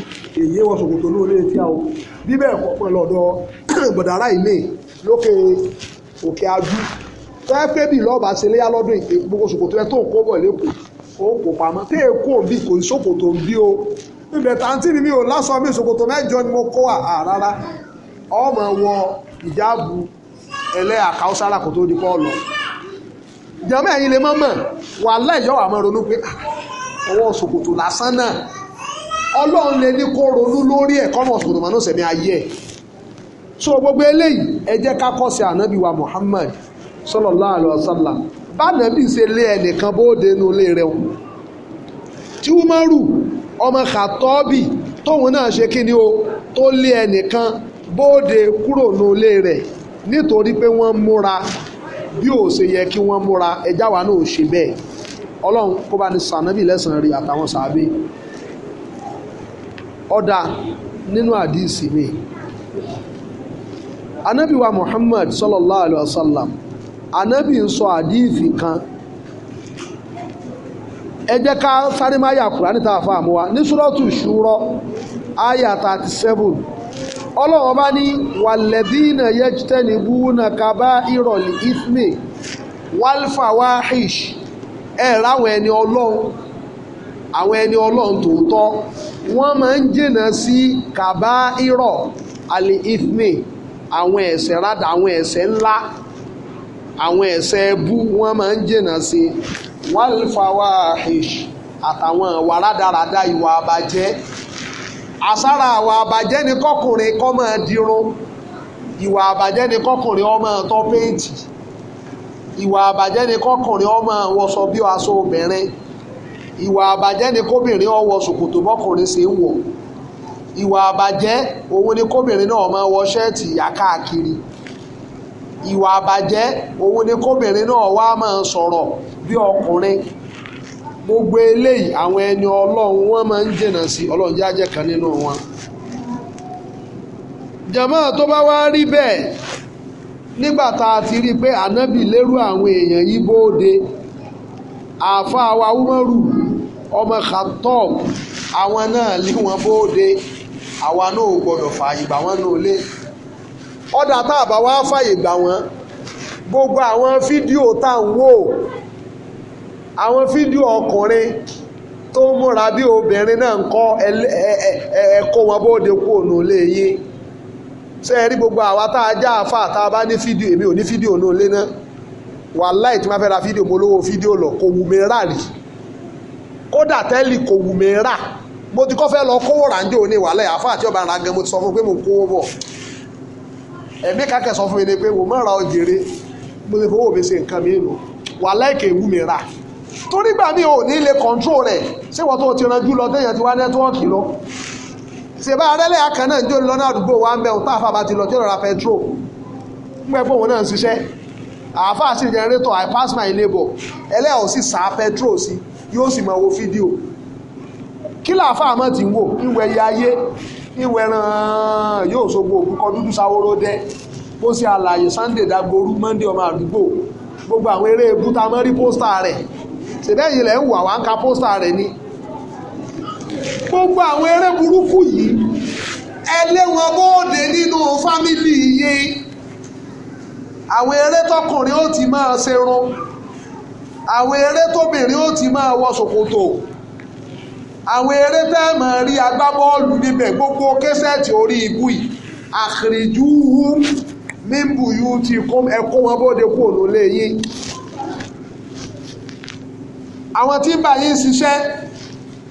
Speaker 1: èyí wọ́n sọ̀kò tó lóore tí a ò bí bẹ́ẹ̀ kọ́ pẹ̀lú ọ̀dọ̀ gbọ̀dàrà ìmíì lókè òkè ajú tẹ́ pé bí lọ́ọ̀bà ṣe léyà lọ́dún gbogbo ṣòkòtò ẹ tó ń kó bọ̀ lẹ́kọ̀ọ́ ó kò pamọ́ tí èkó bí kò ní ṣòkòtò ń bí o ibẹ̀ tàǹtí ni mi ò lásán mi ṣòkòtò mẹ́jọ ni mo kó à rárá ọmọ wọ ìjáàbù ẹlẹ́ àkàwọ́sára kò tó di pọ́ọ̀lù jàmọ́ ẹ̀yin lè mọ́mọ́ wàhálà ìyọ́ àmọ́ ronú pé ah, ọwọ́ ṣòkòtò lásán náà ọlọ́run lè ní kó ronú lórí ẹ̀ kọ́mọ̀ ṣòkòtò mọ́ náà sẹ̀mí ayé ẹ̀ so gbogbo eléyìí ẹ jẹ́ ká kọ́ sí ànábì wa Muhammad sallallahu alaihi wasallam bánàbì ṣe lé ẹnìkan bóde inú ilé rẹ̀ o tí Umaru ọmọ Khatọ́bì tóun náà ṣe kí ni o tó lé ẹnìkan bóde kúrò nínú ilé rẹ̀ nítorí pé wọ́n múra bí ò ṣe yẹ kí wọ́n múra ẹjá wa náà ṣe bẹ́ẹ̀ ọlọ́run kó bá ní sànábì lẹ́sàn-án rí àtàwọn sàábé ọ̀dà nínú àdìsí mi anábì wa Muhammad sallallahu alayhi wa sallam anábì ń sọ àdìsí kan ẹ jẹ́ ká sáré máa yà Kùránì tá a fa àmúwa ní Suratu Shura aya thirty seven. ọlọ́run ọba ní wàlẹ́dínà yẹ́jítẹ́ni búhúnà Kaba ìrọ̀lì ìfmi wálfà wáhíṣ ẹ̀ ẹni ọlọ́run àwọn ẹni ọlọ́run tòótọ́ wọ́n ma ń jìnnà sí Kaba ìrọ̀ àlè àwọn rádà àwọn ẹ̀ṣẹ̀ ńlá àwọn ẹ̀ṣẹ̀ ẹbú wọ́n ma ń jìnnà sí wálfà àtàwọn ìwà ìwà àsára àwa àbàjẹ́ ni kọkùnrin kọ́ máa dirun ìwà àbàjẹ́ ni kọkùnrin ọmọ tó péǹtì ìwà àbàjẹ́ ni kọkùnrin ọmọ wọṣọ bí aṣọ obìnrin ìwà àbàjẹ́ ni kóbìnrin ọwọ́ ṣòkòtò bọ́kùnrin ṣe ń wọ̀ ìwà àbàjẹ́ òun ni kóbìnrin náà máa wọ ṣẹ́ẹ̀tì ìyá káàkiri ìwà àbàjẹ́ òun ni kóbìnrin náà wá máa sọ̀rọ̀ bí ọkùnrin gbogbo eléyìí àwọn ẹni ọlọ́run wọn máa ń jìnnà sí ọlọ́run jẹ́ ajẹ́ kan nínú wọn. jàmá tó bá wá rí bẹ́ẹ̀ nígbà tá a ti rí i pé ànábì lérú àwọn èèyàn yìí bóde Àfa wa Umaru ọmọ Khattab àwọn náà lé wọn bóde àwa náà ò gbọdọ̀ fààyè gbà wọ́n náà lé ọ̀dà tá a bá wá fààyè gbà wọ́n gbogbo àwọn fídíò tá à ń wò àwọn fídíò ọkùnrin tó ń múra bí obìnrin náà ń kọ́ ẹ̀kọ́ wọn bóde kú ònà lè yé ṣe rí gbogbo àwa tá a já àfà tá a bá ní fídíò èmi ò ní fídíò náà lé náà wàláì tí wọ́n fẹ́ ra fídíò mo lówó fídíò lọ kò wù mí rà rí kódà tẹ́lì kò wù mí rà mo ti kọ́ fẹ́ lọ kówó ràǹjẹ́ òní wàláì àfà àti ọba ara gan mo ti sọ fún pé mo kówó bọ̀ ẹ̀mí kàkẹ́ sọ fún mi ni pé wò mọ́ ra ọjẹ́rẹ́ mo ti fowó mi ṣe nǹkan mi nù wàláì kè wù mí rà torí gbà mí ò ní lè control rẹ̀ ṣé wọ́n tó ti ranjú lọ téèyàn ti wá nẹ́tíwọ́ọ̀kì lọ ṣèbá arẹ́lẹ̀ akàn náà jó lọ náà àdúgbò wa ń bẹ̀ òun táàfà bá ti lọ tí ó lọ ra petrol ń pẹ́ fóun náà ń ṣiṣẹ́ àáfà sí generator I pass my labour ẹlẹ́ọ̀ sì sá petrol sí yóò sì máa wo fídíò kí làáfà àmọ́ ti ń wò ń wẹ̀ yẹ ayé ìwẹ̀ràn yóò sogbo òkúkọ dúdú sáwóró dẹ́ bó ṣe àlàyé Sunday dagboru Monday ọmọ àdúgbò gbogbo àwọn eré ebúta mọ́rí pósítà rẹ̀ ṣèbẹ́yìn lẹ̀ ń wà wá ń ka pósítà rẹ̀ ni gbogbo àwọn eré burúkú yìí ẹlẹ́wọ̀n bóde nínú fámìlì yìí àwọn eré tọkùnrin ó ti máa ṣerun àwọn eré tóbìnrin ó ti máa wọ ṣòkòtò àwọn eré tẹ́ mọ̀ rí agbábọ́ọ̀lù níbẹ̀ gbogbo kẹsẹ̀tì orí ibú yìí àkìrìjú wú mímbù yú ti kó ẹkún wọn bóde kúrò lólè yìí àwọn tí ń bá yín ṣiṣẹ́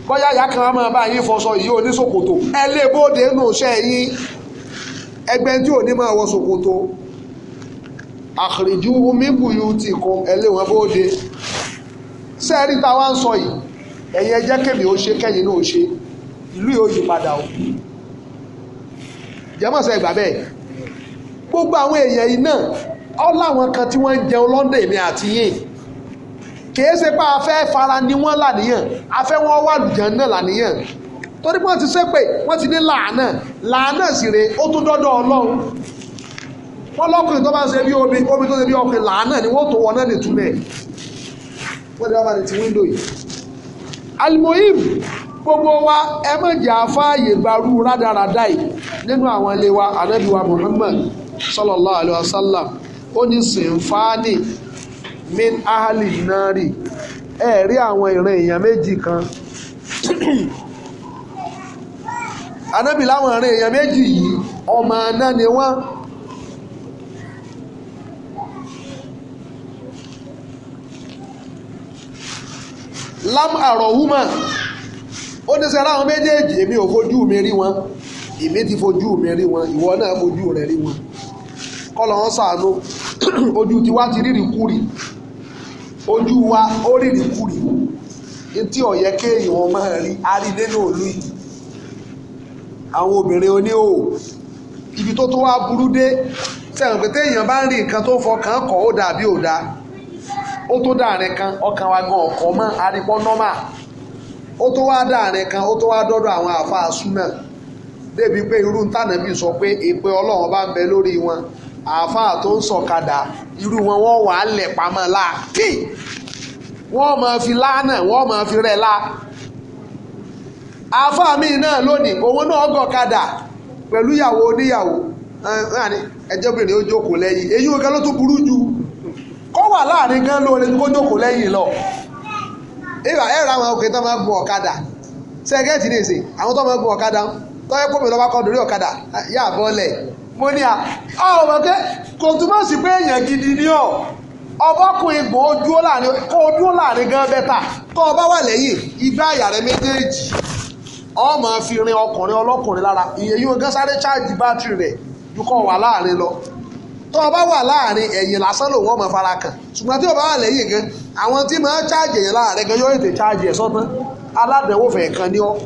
Speaker 1: bóyá ìyá kan máa bá yín fọṣọ yìí oníṣòkòtò ẹ lè bóde nù iṣẹ́ yín ẹgbẹ́ tí ò ní máa wọ ṣòkòtò àkìrìjú omi bùyù ti kan ẹ lè wọn bóde sẹ́ẹ̀rí tá a wá ń sọ yìí ẹ̀yin ẹ jẹ́ kẹ́mi ó ṣe kẹ́yìn náà ó ṣe ìlú yóò yí padà o jẹ́mọ̀sẹ̀ ìgbà bẹ́ẹ̀ gbogbo àwọn èèyàn yìí náà ọ́ láwọn kan tí wọ́n ń jẹun lọ́ndẹ̀ èmi àti yìí kìí ṣe pé a fẹ́ fara ni wọ́n lànìyàn a fẹ́ wọ́n wà lùjàn náà lànìyàn torí wọ́n ti ṣépè wọ́n ti ní làánà làánà sì rè ó tún dọ́dọ̀ ọlọ́run wọ́n lọ́kùnrin tó bá ń ṣe bí omi omi tó ṣe bí ọkùnrin làánà ni wọ́n tó wọ́n náà nìtúlẹ̀ wọ́n ti wá balẹ̀ ti wíńdò yìí alimoyim gbogbo wa ẹ má jẹ́ àfáàyè gbarú rádaràdá yìí nínú àwọn ilé wa ànábì Muhammad sallallahu alayhi wa sallam ó ní sèǹfààní min ahali nari ẹ rí àwọn ìran èèyàn méjì kan anábì láwọn ìran èèyàn méjì yìí ọmọ aná ni wọ́n lam àrọ̀húmà ó ní sẹ́ra àwọn méjèèjì èmi ò fojú mi rí wọn èmi ti fojú mi rí wọn ìwọ náà fojú rẹ̀ rí wọn kọ́ lọ́wọ́ sàánú ojú tiwa ti rírì kúrì ojú wa ó rìrì kúrì tí ò yẹ kéèyàn ọmọ rí arí nínú òlu yìí àwọn obìnrin oníhò ibi tó tó wá burú dé sẹ́wọ̀n pé téèyàn bá ń rí nǹkan tó fọkàn kọ̀ ó dà bí ò dá ó tó dàrin kan ọkàn wa gan ọkọ̀ mọ́ arípọ́ nọ́mà ó tó wá kan ó tó wá dọ́dọ̀ àwọn àáfàá débi pé irú ntànàbí sọ pé èpè irú wọn wọ́n wà á lẹ̀ pamọ́ la kí wọ́n máa fi lánà wọ́n fi rẹ̀ la àfáàmì náà lónìí òun náà gọ̀kadà pẹ̀lú ìyàwó oníyàwó ẹjọ́bìnrin ó jókòó lẹ́yìn èyí ó kẹ́ ló tún burú ju kọ́ wà láàrin gan lóore kó jókòó lọ ìwà ẹ̀rọ àwọn òkè tó máa gun ọ̀kadà sẹ́gẹ́tì àwọn tó mo ní à ọ̀rọ̀ pé kò túmọ̀ sí pé èèyàn gidi ni ọ ọbọ̀kùnrin gbò ó láàrin kó o láàrin gan bẹ́tà o bá wà lẹ́yìn ibẹ́ àyà rẹ méjèèjì ọmọ fi rin ọkùnrin ọlọ́kùnrin lára ìyẹn yóò gán sáré rẹ̀ wà láàrin lọ tó o bá wà láàrin ẹ̀yìn lásán fara kàn ṣùgbọ́n tí o bá wà lẹ́yìn gan àwọn tí máa yẹn láàrin gan yóò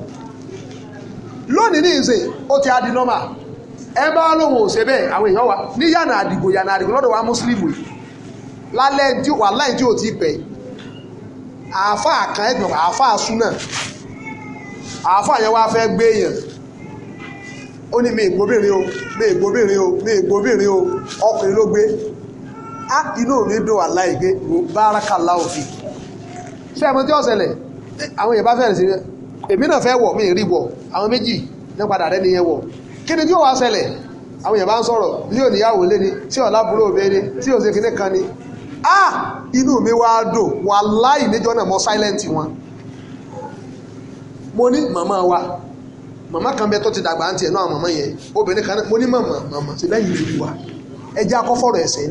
Speaker 1: ẹbá lóhun àwọn èèyàn wa ní yànà àdìgbò yànà àdìgbò lọ́dọ̀ wa mùsùlùmù lálẹ́ tí wà láì tí ti pẹ́ àáfà kan ẹ̀gbọ̀n àáfà súnà àáfà yẹn wá o mi o o ọkùnrin ló gbé inú mi dùn wà láì gbé òfin ṣé tí ó àwọn èèyàn mi rí àwọn méjì ní padà rẹ kí ni ó wá sẹlẹ̀ àwọn èèyàn bá ń sọ̀rọ̀ bí ò níyàwó ni tí ọ̀la burú ni tí ò ṣe kinní kan ni a ah! inú mi wá dùn wàláì níjọ́ náà mọ́ silent wọn mo ní màmá wa màmá kan bẹ tó ti dàgbà àǹtí ẹ̀ náà màmá yẹn obìnrin kan mo ní màmá màmá akọ́fọ̀rọ̀ ẹ̀sẹ̀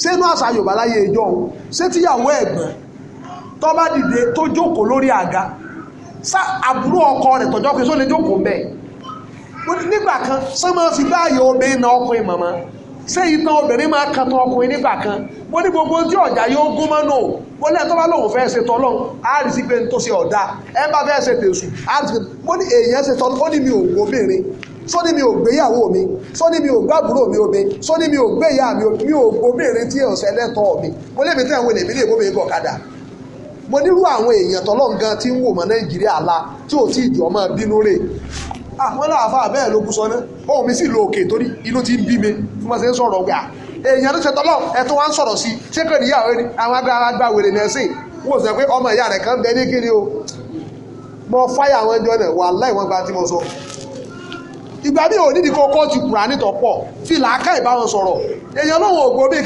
Speaker 1: ṣé inú àṣà Yorùbá láyé ẹjọ́ òun ṣé tíyàwó ẹ̀gbọ́n dìde tó jókòó ọkọ rẹ̀ tọ́jọ́ pé só lè jókòó nígbà kan ṣé máa fi báyọ̀ obìnrin náà ọkùnrin màmá ṣé iná obìnrin máa kan tán ọkùnrin nígbà kan wọ́n ní gbogbo tí ọ̀jà yóò gún mọ́ náà wọ́n lẹ́yìn tó bá lòun fẹ́ ṣe tọ́lọ́n àárí sí pé n tó ṣe ọ̀dà ẹ bá fẹ́ ṣe tèṣù àárí sí pé wọ́n ní èèyàn ṣe tọ́lọ́n ó ní mi ò wò obìnrin sọ ní mi ò gbéyàwó mi sọ ní mi ò gbàbúrò mi omi sọ ní mi ò gbéyà mi mi ò gbóbìnrin tí ọ̀sẹ̀ lẹ́tọ̀ọ́ mi mo lébi tẹ̀ ń wọlé mi lè bóbi bọ̀kadà mo nírú àwọn èèyàn tọ́lọ́n gan tí ń wò mọ́ Nàìjíríà la tí ò tí ì máa bínú rè àwọn ah, láàfà bẹ́ẹ̀ ló kú sọ ná ohun mi sì lo òkè torí inú ti ń bí mi fún bá ń sọ̀rọ̀ gbà èèyàn tó ṣe tọ́lọ́ ẹ̀tún wá ń sọ̀rọ̀ sí ṣé kò níyàwó ni àwọn agbára wèrè náà wọ́n sọ pé ọmọ ìyá kan bẹ ní o mọ fáyà àwọn ẹjọ́ náà wà láì wọ́n gba tí mo sọ ìgbà bí òní ni kò ti kùránì tó pọ̀ fi làákà ìbáwọn sọ̀rọ̀ èèyàn ògbó bí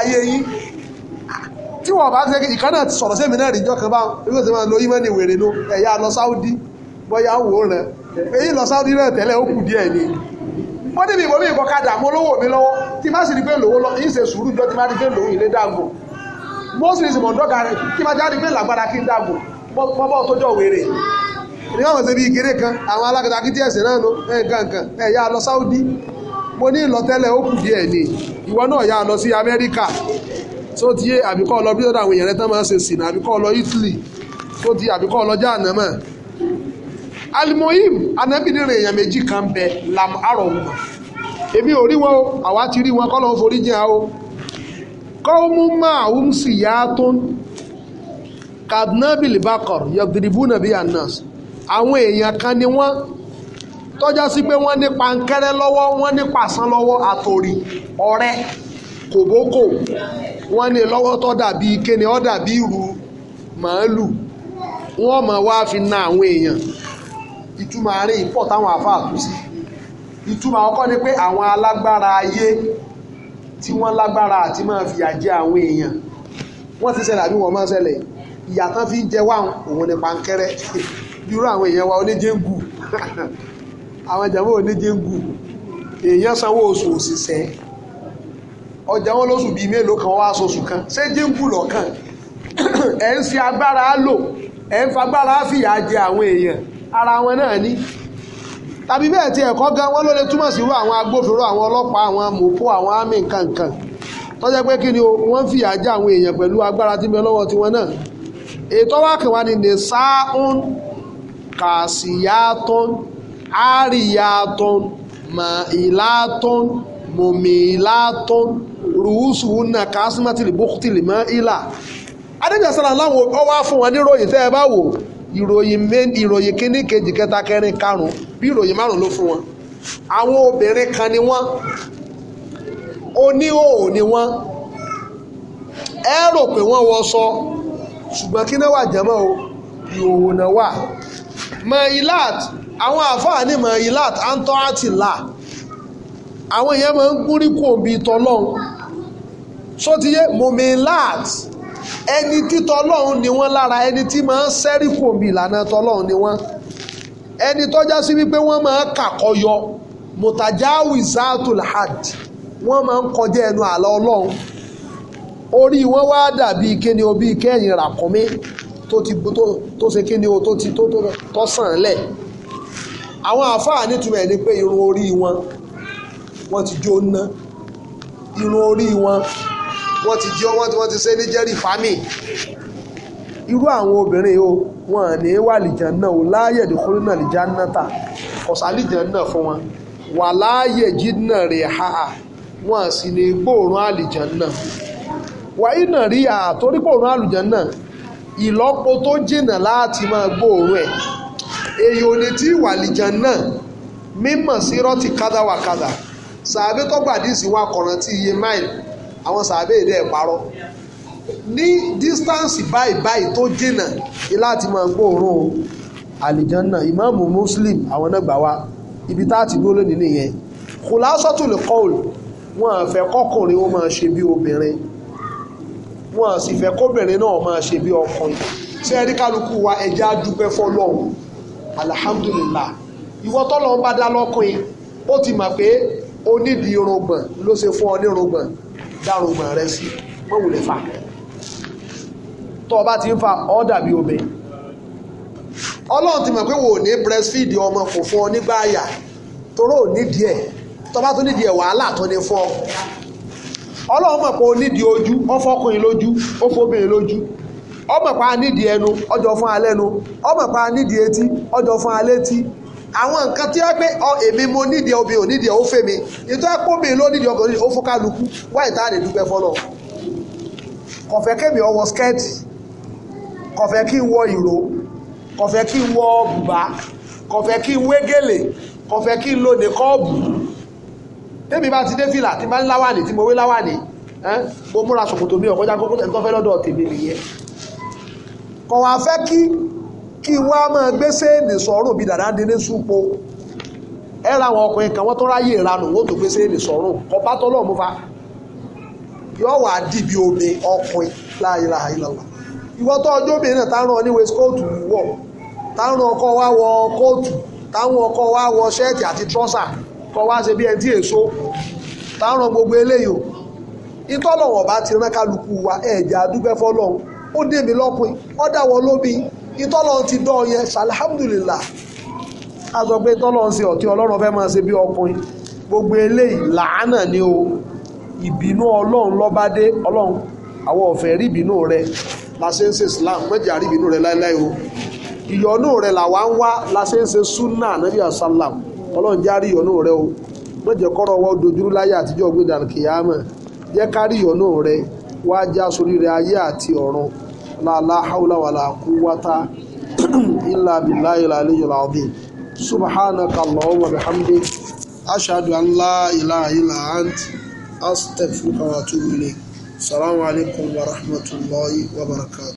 Speaker 1: ayé yín tí wọ́n bá ṣe ìkan náà sọ̀rọ̀ sí èmi náà kan èyí lọ sáwọ́dí náà tẹ́lẹ̀ ó kù díẹ̀ ni ó níbi ìwọ mi ìkọkadà mo lówó mi lọ́wọ́ tí má sì ní pé lówó lọ yìí ṣe sùúrù jọ tí má ní pé lówó ilé dàgbò mo sì ní sì mọ̀ dọ́gà rẹ̀ kí má jáde pé làgbára kí kan àwọn kí náà ẹ̀ ẹ̀ ní ìlọ tẹ́lẹ̀ ó kù díẹ̀ ni náà lọ alimoyim anabinire èèyàn méjì kan bẹ lam arọ wọn èmi ò rí wọn o àwa ti rí wọn kọ́lọ́ forí jìn o kọ́ọ̀mù máa ń sì yá tó kadnabil bakor yadribuna bi annas àwọn èèyàn kan ni wọ́n tọ́já sí pé wọ́n ní pankẹ́rẹ́ lọ́wọ́ wọ́n ní pàṣán lọ́wọ́ àtòrí ọ̀rẹ́ kòbókò wọ́n ní lọ́wọ́ tó dàbí kéne ó dàbí ìrù màálù wọ́n máa wá fi na àwọn èèyàn ìtumọ̀ àárín ìpọ̀ táwọn àfáà tú sí ìtumọ̀ àkọ́kọ́ ni pé àwọn alágbára ayé tí wọ́n lágbára àti máa fìyà jẹ àwọn èèyàn wọ́n ti ṣẹlẹ̀ àbí wọ́n máa ṣẹlẹ̀ ìyà tán fi ń jẹ wá òun ní pankẹ́rẹ́ irú àwọn èèyàn wa oníjẹ́ngù àwọn ìjàmbá oníjẹ́ngù èèyàn sanwó oṣù òṣìṣẹ́ ọjà wọn lóṣù bíi mélòó kan wá sọṣù kan ṣé jẹ́ngù lọ́kàn ẹ̀ ń fi agbára lò ẹ̀ ń fagbára fìyà jẹ àwọn èèyàn ara wọn náà ní tàbí bẹ́ẹ̀ tí ẹ̀kọ́ gan wọ́n ló lè túmọ̀ sí irú àwọn agbófinró àwọn ọlọ́pàá àwọn mòpó àwọn àmì nkankan tó jẹ́ pé kí ni wọ́n fìyà já àwọn èèyàn pẹ̀lú agbára tí bẹ lọ́wọ́ tiwọn náà ètò wa kàn wá ní ní sáún kàṣíyàtún àríyàtún mọ̀ìlàtún mọ̀mìlàtún rùúsù nà kásímátìlì bókútìlì mọ́ ìlà adébíyàsára láwọn ọwọ́ fún wọn níròyìn tẹ́ ẹ bá wò ìròyìn ìròyìn kínní kejì kẹta kẹrin karùn bí ìròyìn márùn ló fún wọn àwọn obìnrin kan ni wọ́n oníhòòhò ni wọ́n ẹ rò pé wọ́n wọ sọ ṣùgbọ́n kí náà wà jẹ́mọ́ o ìhòòhò náà wà mọ ilat àwọn àfáà ní mọ ilat antọ́ àti là àwọn èèyàn máa ń gúnrí kò bí tọ́lọ́hún sótìyé mọ̀mí ilat. So ẹni títọ́ ọlọ́run ni wọ́n lára ẹni tí máa ń sẹ́rí kòmí ìlànà tọ́lọ́run ni wọ́n ẹni tọ́já sí wípé wọ́n máa kàkọyọ mutajawi zatul had wọ́n máa ń kọjá ẹnu àlọ́ ọlọ́run orí wọn wá dàbí kíni o bí kẹ́yìn ràkúnmí tó ti tó ṣe kíni o tó ti tó tó sàn lẹ̀ àwọn àáfàá nítumọ̀ ni pé irun orí wọn wọ́n ti jó ná irun orí wọn wọ́n ti jí ọwọ́ tí wọ́n ti ṣe ní jẹ́rì fámì irú àwọn obìnrin o wọn ní wà lìjàn náà o láàyè ìdókòrò náà lìjàn náà ta kọ̀sálìjàn náà fún wọn wà láàyè jìnnà rẹ̀ ha wọn sì ní gbóòórùn àlìjàn náà wàyí náà rí àtórí gbóòórùn àlìjàn náà ìlọ́po tó jìnnà láti máa gbóòórùn ẹ̀ èyí ò ní tí ìwàlìjàn náà mímọ̀ sí rọ́tì kádàwàkádà sàbẹ́tọ́gbàdìsí wa kọ̀rántì iye máìlì àwọn sàbẹ̀ èdè ẹ̀ parọ́ ní distance báyìí báyìí tó jìnnà láti máa gbóòórùn àlìjánná ìmáàmù muslim àwọn náà gbà wá ibi tá a ti dúró lónìí nìyẹn kò lásọ̀tò lè kọ́ọ̀lù wọn à fẹ́ kọ́kùnrin ó máa ṣe bí obìnrin wọn à sì fẹ́ kóbìnrin náà máa ṣe bí ọkùnrin ṣé ẹ rí kálukú wa ẹ̀jẹ̀ á dúpẹ́ fọlọ́run alhamdulillah ìwọ tọ́lọ́ ń bá dá lọ́kùnrin ó ti mọ̀ pé onídìí irùngbọ̀n ló ṣe fún ọ ní irùngbọ̀n dárúgbọ̀n rẹ sí mọ́ tọ́ ti ń fa ọ́ dàbí ọlọ́run ti mọ̀ pé wò ní breastfeed ọmọ kò fún ọ nígbà àyà toró nídìí ẹ̀ tó nídìí wàhálà tó ní fún ọ ọlọ́run mọ̀ pé nídìí ojú ó fọkùnrin lójú ó fọbìnrin ọmọ pa nídìí ẹnu ọjọ́ fún alẹ́nu ọmọ pa nídìí etí ọjọ́ fún àwọn nǹkan tí wọ́n pé èmi mo nídìí ẹ obìnrin ò nídìí ẹ ó fẹ́ mi ìtọ́ ẹ̀pọ̀ obìnrin ló nídìí ọkùnrin ó fọ́ká lukú wáyé tá a lè dúpẹ́ fọ́lọ́ kọ̀fẹ́ kémi ọwọ́ skẹ́ẹ̀tì kọ̀fẹ́ kí n wọ ìró kọ̀fẹ́ kí n wọ bùbá kọ̀fẹ́ kí n wé gèlè kọ̀fẹ́ kí n lo nìkọ́ọ̀bù tẹ́mi bá ti dé fìlà tí bá ń láwàní tí mo wé láwàní mo múra ṣòkòtò mi ọ̀kọ́jà kókó kí wọ́n á máa gbé séènì sọ̀rùn bí dàdá dín ní súpo àwọn ọkùnrin kan wọ́n tó ráyè ìranù wọ́n tó gbé séènì sọ̀rùn ọba tọ́lọ́ mú fa yọ wà á omi ọkùnrin láàyè láàyè lọ́wọ́ tó ọjọ́ táwọn ọkọ wa wọ kóòtù táwọn ọkọ wa wọ ṣẹ́ẹ̀tì àti trọ́sà wá ṣe bí ẹ gbogbo ìtọ́lọ̀wọ̀ bá ti rán kálukú wa ẹ̀ẹ́dì àdúgbẹ́fọ́ lọ́hùn ó lọ́kùnrin ìtọ́lọ́ ti dọ́ yẹn alhamdulillah a sọ pé ìtọ́lọ́ ń ṣe ọ̀tí ọlọ́run fẹ́ máa ṣe bí ọkùnrin gbogbo eléyìí làánà ni o ìbínú ọlọ́run lọ́bádé ọlọ́run àwọn ọ̀fẹ́ rí ìbínú rẹ la ṣe ń ṣe islam mẹ́jẹ̀ àrí ìbínú rẹ láéláé o ìyọnú rẹ làwa ń wá la ṣe ń ṣe sunna nabi asalam ọlọ́run já rí ìyọnú rẹ o mẹ́jẹ̀ kọ́rọ̀ wọ́n dojúrú láyé àtijọ́ gbé dànù kìyàmọ̀ jẹ́ ká rí ìyọnú rẹ wá já sórí rẹ ayé àti ọ̀run la haula wala quwwata illa billahi al-aliyyil azim subhanaka allahumma bihamdik ashhadu an la ilaha illa ant astaghfiruka wa atubu ilayk assalamu alaikum wa rahmatullahi